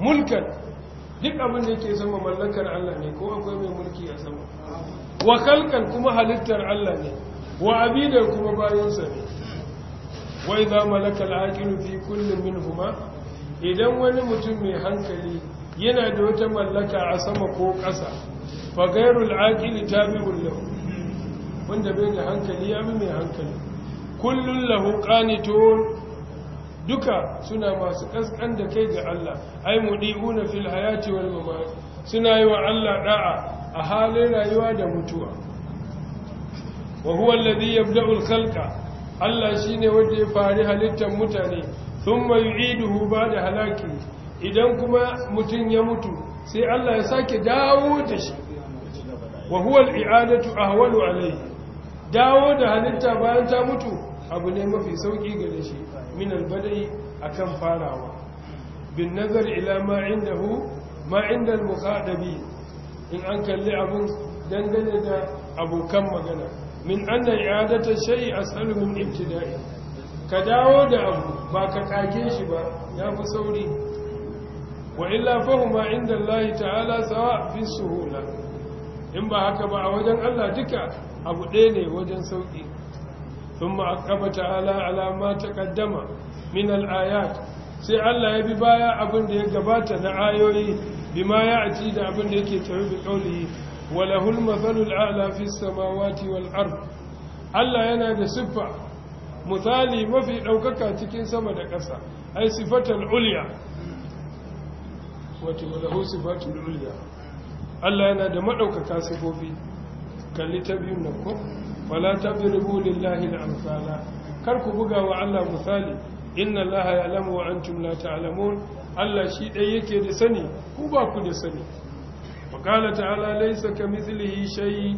A: mulkan duk abin da ke sama mallakar allah ne ko akwai mai mulki a sama wa kalkan kuma halittar allah ne wa abidar kuma bayansa ne wai za malakal aqilu fi kullum minhuma idan wani mutum mai hankali yana da wata mallaka a sama ko ƙasa fa gairul aqili tabi'un lahu wanda bai da hankali ya bi mai hankali kullun lahu qanitun duka suna masu kaskan da kai ga Allah ai mudiuna fil hayati wal mamat suna yi wa Allah da'a a halin rayuwa da mutuwa wa huwa alladhi yabda'u al khalqa Allah shine wanda ya fari halittar mutane thumma yu'iduhu ba'da halaki idan kuma mutum ya mutu sai Allah ya sake dawo da shi wa huwa al'adatu ahwalu alayhi dawo da halitta bayan ta mutu abu ne mafi sauki ga shi min albadai akan farawa bin nazar ila ma indahu ma inda al-mukhadabi in an kalli abun dangane da abokan magana min anna i'adatu shay'i as'aluhum ibtida'i ka dawo da abu ba ka kage shi ba ya fi sauri وإلا فهما عند الله تعالى سواء في السهولة إن بحك بع وجن الله دكا أبو ديني وجن سوئي ثم أقب تعالى على ما تقدم minal الآيات sai Allah ya bi baya abin da ya gabata na ayoyi bima ya aci da abin da yake tafi bi kaulihi walahul mathalul a'la fis samawati wal ard Allah yana da siffa misali mafi ɗaukaka cikin sama da ƙasa ai sifatul ulya wato lahu sifatun ulya Allah yana da madaukaka sifofi kalli ta biyun nan ko wala tabribu lillahi al-amsala kar ku buga wa Allah misali inna allaha ya'lamu wa antum la ta'lamun Allah shi dai yake da sani ku ba ku da sani wa qala ta'ala laysa kamithlihi shay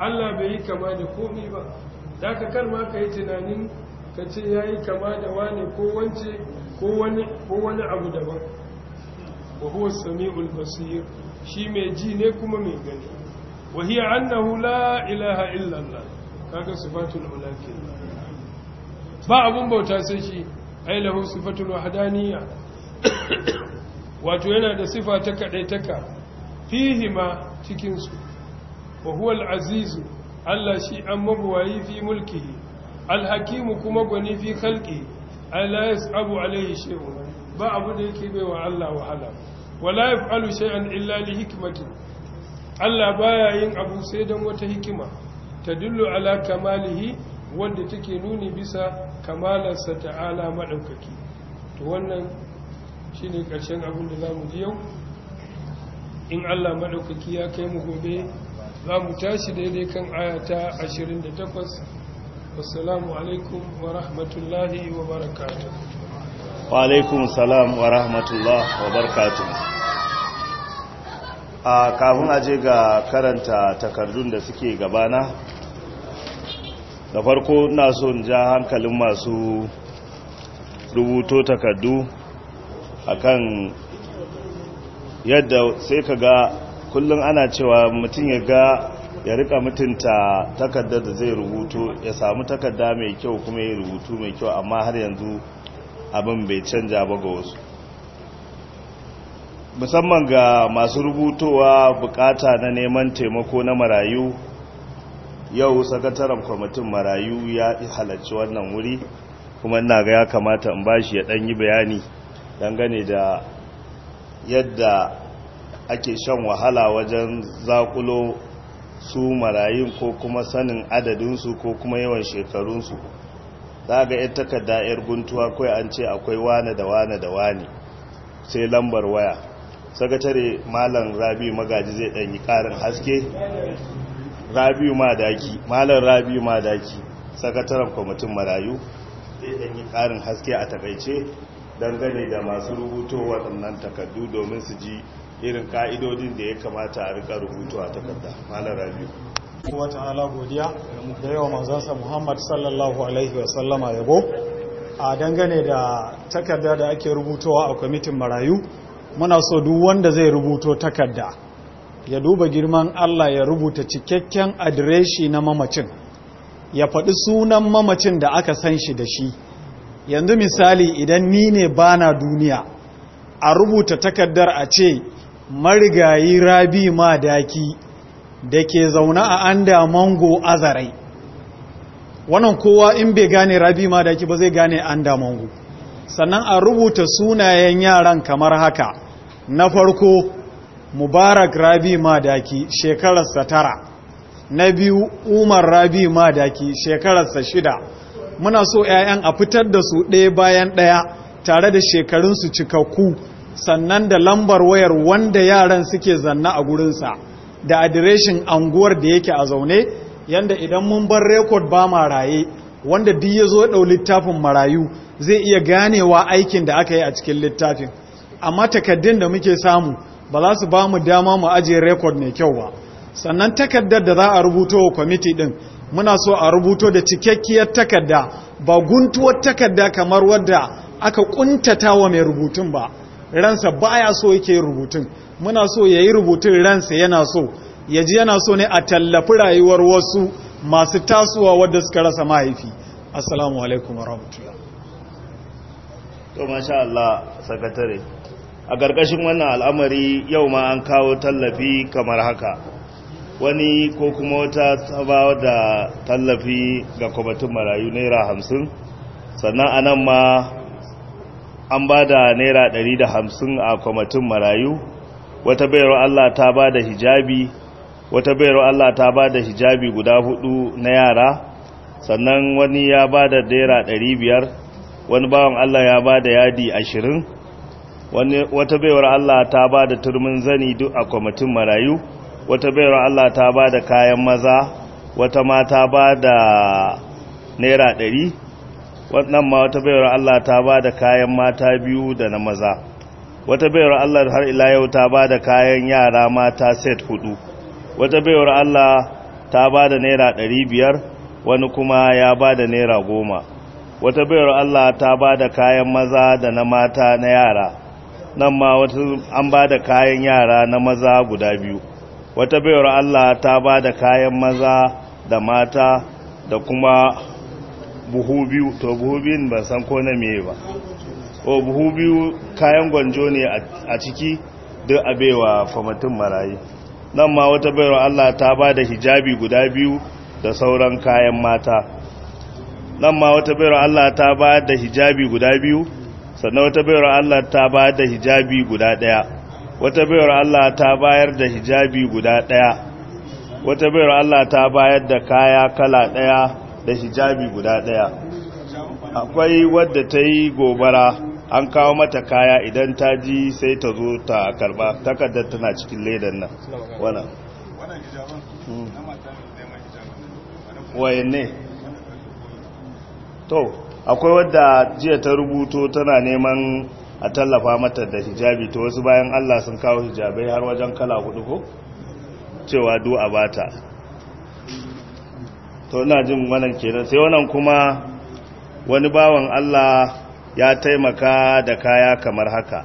A: Allah bai yi kama da komai ba daga kar ma kai tunanin ka kace yayi kama da wani ko wance wani ko wani abu daban wa huwa samiul basir shi mai ji ne kuma mai gani wa hiya annahu la ilaha illa Allah kaga sifatul uluhiyya ba abun bauta sai shi ai lahu sifatul wahdaniyya wato yana da sifa ta kadaitaka ma cikin su wa huwa al-aziz Allah shi an mabuwayi fi mulkihi al-hakimu kuma gwani fi khalqi ala yas'abu alayhi shay'un ba abu da yake baiwa Allah wahala wala ya fi shay'an illa li hikmatin Allah baya yin abu sai don wata hikima ta tadullu ala kamalihi wanda take nuni bisa kamalarsa ta'ala maɗaukaki to wannan shine karshen abin da zamu ji yau in Allah madaukaki ya kai mu gobe zamu tashi daidai kan ayata 28 wassalamu alaikum wa rahmatullahi wa barakatuh
D: Walaikun salam wa rahmatullah wa barkatun. A kafin aje ga karanta takardun da suke gabana, da farko na son ja hankalin masu rubuto takardu kan yadda sai ka ga kullum ana cewa mutum ya ga ya rika mutunta takardar da zai rubuto ya samu takarda mai kyau kuma ya rubutu mai kyau amma har yanzu abin bai canja ba ga wasu musamman ga masu rubutowa bukata na neman taimako na marayu yau sakataren kwamitin marayu ya halarci wannan wuri kuma ina ga ya kamata in bashi ya dan yi bayani dangane da yadda ake shan wahala wajen zakulo su marayun ko kuma sanin adadinsu ko kuma yawan shekarunsu za ga yar takarda yar guntuwa kai an ce akwai wane da wane da wane sai lambar waya sakatare malam rabi magaji zai dan yi karin haske rabi daki malam rabi madaki sakataren kwamitin marayu zai dan yi karin haske a takaice dangane da masu rubuto waɗannan takardu domin su ji irin ka'idodin da ya kamata a rika rubutu a takarda malam rabi wata ala godiya da
E: yawa manzansa Muhammad sallallahu alaihi wa sallama yabo a dangane da takarda da ake rubutowa a kwamitin marayu muna so duk wanda zai rubuto takarda ya duba girman Allah ya rubuta cikakken adireshi na mamacin ya faɗi sunan mamacin da aka san shi da shi yanzu misali idan ni ne bana duniya a rubuta takardar a ce marigayi rabi ma daki da ke zaune a an da mango azarai wannan kowa in bai gane rabi ma da ke ba zai gane an da mango sannan a rubuta sunayen yaran kamar haka na farko mubarak rabi madaki shekararsa tara na biyu umar rabi madaki shekararsa shida muna so 'ya'yan a fitar da su ɗaya bayan ɗaya tare da shekarunsu cikakku sannan da lambar wayar wanda yaran suke zanna a gurinsa da adireshin anguwar da yake a zaune yanda idan mun bar rekod ba maraye wanda duk ya zo ɗau littafin marayu zai iya ganewa aikin da aka yi a cikin littafin amma takaddun da muke samu ba za su ba mu dama mu ajiye rekod mai kyau ba sannan takaddar da za a rubuto wa kwamiti ɗin muna so a rubuto da cikakkiyar takadda ba guntuwar takadda kamar wadda aka ƙuntatawa wa mai rubutun ba ransa ba ya so yake rubutun muna so ya yi rubutun ransa yana so ya ji yana so ne a tallafi rayuwar wasu masu tasowa wadda suka rasa mahaifi assalamu alaikum
D: to sakatare a gargashin wannan al'amari yau ma an kawo tallafi kamar haka wani ko kuma wata taba da tallafi ga kwamitin marayu naira hamsin sannan anan ma an ba da naira ɗari da hamsin a kwamitin marayu wata bayarwa Allah ta ba da hijabi wata bayarwa Allah ta ba da hijabi guda hudu na yara sannan wani ya ba da naira ɗari biyar wani bawan Allah ya ba da yadi ashirin wata bayarwa Allah ta ba da turmin zani duk a kwamitin marayu wata bayarwa Allah ta ba da kayan maza wata mata ba da naira ɗari wannan ma wata bayar Allah ta ba da kayan mata biyu da na maza wata bayar Allah har ila yau ta ba da kayan yara mata set hudu wata bayar Allah ta ba da naira ɗari biyar wani kuma ya ba da naira goma wata bayar Allah ta ba da kayan maza da na mata na yara nan ma wata an ba da kayan yara na maza guda biyu wata bayar Allah ta ba da kayan maza da mata da kuma buhu biyu to buhu biyun ban san ko na meye ba o buhu biyu kayan gwanjo ne a ciki duk abewa famatin marayi nan ma wata bayarwa Allah ta ba da hijabi guda biyu da sauran kayan mata nan ma wata bayarwa Allah ta ba da hijabi guda biyu sannan wata bayarwa Allah ta ba da hijabi guda ɗaya wata bayarwa Allah ta bayar da hijabi guda ɗaya wata bayarwa Allah ta bayar da kaya kala ɗaya da hijabi guda ɗaya akwai wadda ta yi gobara an kawo mata kaya idan ta ji sai ta zo ta karba takardar tana cikin ledan nan wannan hmm. wayanne to akwai wadda jiya ta rubuto tana neman a tallafa mata da hijabi to wasu bayan allah sun kawo hijabai har wajen kala hudu ko cewa du a bata to ina jin wannan kenan sai wannan kuma wani bawan Allah ya taimaka da kaya kamar haka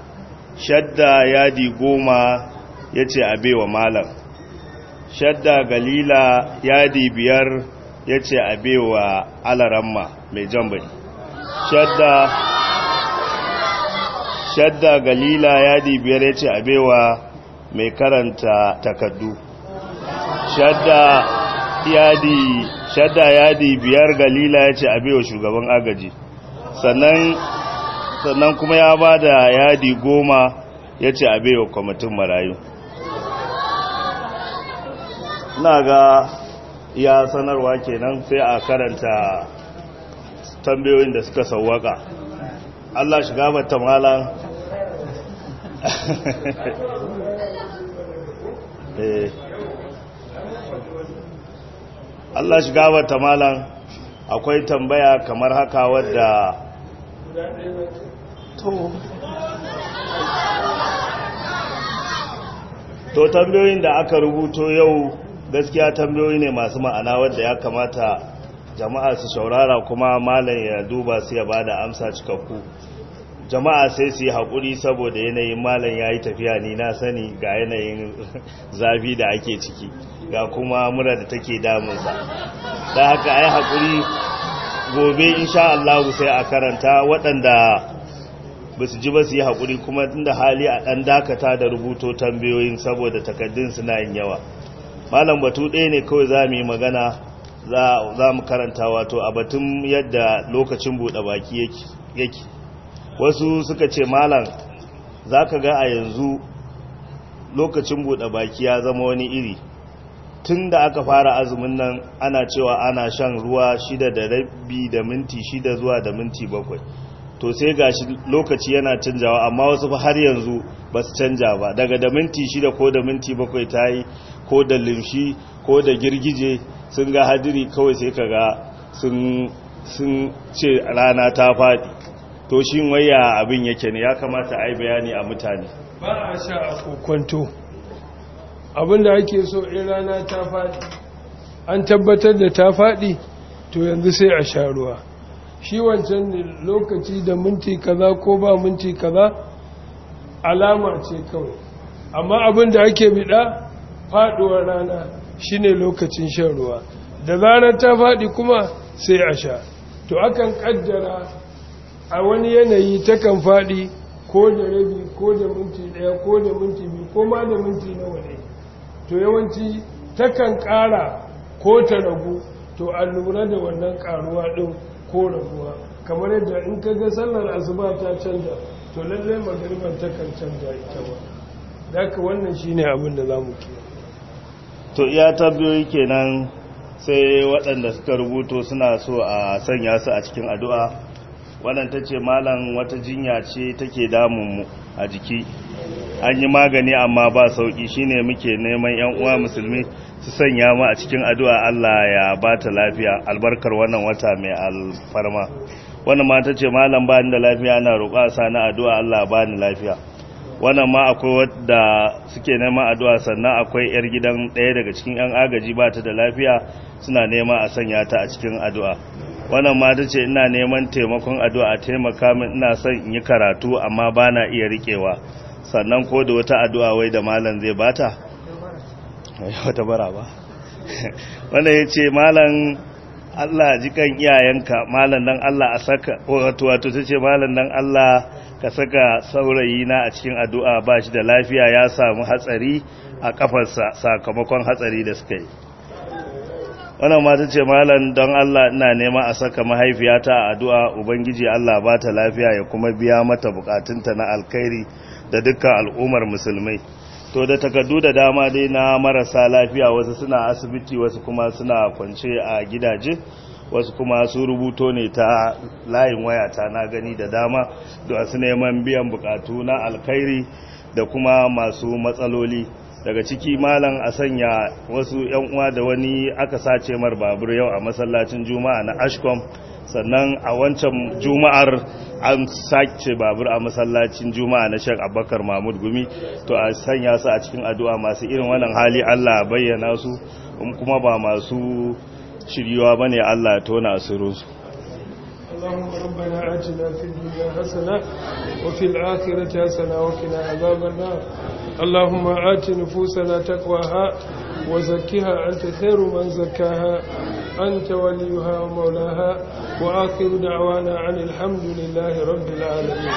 D: shadda yadi goma ya ce a bewa malam shadda galila yadi biyar ya ce a bewa alaramma mai jambari shadda shadda galila yadi biyar ya ce a bewa mai karanta takaddu shadda yadi shadda yadi biyar galila ya ce a baiwa shugaban agaji sannan kuma ya ba da yadi goma ya ce a baiwa kwamitin marayu na ga ya sanarwa kenan sai a karanta tambayoyin da suka sauwaka Allah shiga bata malan eh Allah shiga wata malam akwai tambaya kamar haka wadda to tambayoyin da aka rubuto yau gaskiya tambayoyi ne masu ma'ana wadda ya kamata jama'a su shaurara kuma malam ya duba su ya bada amsa cikakku jama'a sai su yi haƙuri saboda yanayin malam ya yi tafiya ni na sani ga yanayin zafi da ake ciki ga kuma mura da take damunsa da haka ai haƙuri gobe insha Allah sai a karanta waɗanda ba su ji ba su yi haƙuri kuma inda hali a ɗan dakata da rubuto tambayoyin saboda takaddun suna yin yawa malam batu ɗaya ne kawai za mu yi magana za mu karanta wato a batun yadda lokacin buɗe baki yake wasu suka ce malam za ka ga a yanzu lokacin buɗe baki ya zama wani iri tun da aka fara azumin nan ana cewa ana shan ruwa shida da rabi da minti shida zuwa da minti bakwai to sai gashi lokaci yana canjawa amma wasu fa har yanzu ba su canja ba daga da minti shida ko da minti bakwai ta yi ko da limshi ko da girgije sun ga hadiri kawai sai ka ga sun ce rana ta faɗi to shi waya abin yake ne ya kamata a yi bayani a mutane
A: ba a sha a kokwanto abinda ake so in rana ta faɗi an tabbatar da ta faɗi to yanzu sai a sha ruwa shi wancan ne lokaci da minti kaza ko ba minti kaza alama ce kawai amma abinda ake bida faɗuwar rana shine lokacin shan ruwa da zarar ta faɗi kuma sai a sha to akan ƙaddara a wani yanayi takan faɗi ko da rabi ko da minti ɗaya ko da minti biyu ko ma da minti nawa wane to yawanci takan ƙara ko ta ragu to a lura da wannan ƙaruwa ɗin ko raguwa kamar yadda in ka ga sallar azuba ta canja to lallai magariban takan canja ita ba da ka wannan ne abin da za mu ke.
D: to iya tabbiyoyi kenan sai waɗanda suka rubuto suna so a sanya su a cikin addu'a wannan ta ce malam wata jinya ce take mu a jiki an yi magani amma ba sauki shine muke neman yan uwa musulmi su sanya mu a cikin addu'a Allah ya ba ta lafiya albarkar wannan wata mai alfarma wannan ma ta ce malam ba ni da lafiya ana roƙa sa na addu'a Allah ba ni lafiya wannan ma akwai wadda suke neman addu'a sannan akwai yar gidan ɗaya daga cikin yan agaji ba ta da lafiya suna nema a sanya ta a cikin addu'a wannan ma ta ce ina neman taimakon addu'a a taimaka min ina son in yi karatu amma ba na iya riƙewa sannan ko da wata addu'a wai da malam zai bata wata bara ba wannan ya ce malam Allah jikan iyayenka malam dan Allah a saka wato wato ta ce malam dan Allah ka saka saurayi na a cikin addu'a ba shi da lafiya ya samu hatsari a kafarsa sakamakon hatsari da suka yi wannan mata ce malam don Allah ina nema a saka mahaifiyata a addu'a ubangiji Allah ba ta lafiya ya kuma biya mata bukatunta na alkhairi da dukkan al'ummar musulmai to da takardu da dama dai na marasa lafiya wasu suna asibiti wasu kuma suna kwance a gidaje wasu kuma su rubuto ne ta layin waya ta na gani da dama don su neman biyan bukatu na alkhairi da kuma masu matsaloli daga ciki malam a sanya wasu yan uwa da wani aka sace mar babur yau a masallacin juma'a na ashkom sannan a wancan juma'ar an sace babur a masallacin juma'a na shek abubakar mahmud gumi to a sanya su a cikin addu'a masu irin wannan hali allah bayyana su kuma ba masu shiryuwa ne allah tona asirinsu
A: اللهم ربنا آتنا في الدنيا حسنة وفي الآخرة حسنة وقنا عذاب النار اللهم آت نفوسنا تقواها وزكها أنت خير من زكاها أنت وليها ومولاها وآخر دعوانا عن الحمد
C: لله رب العالمين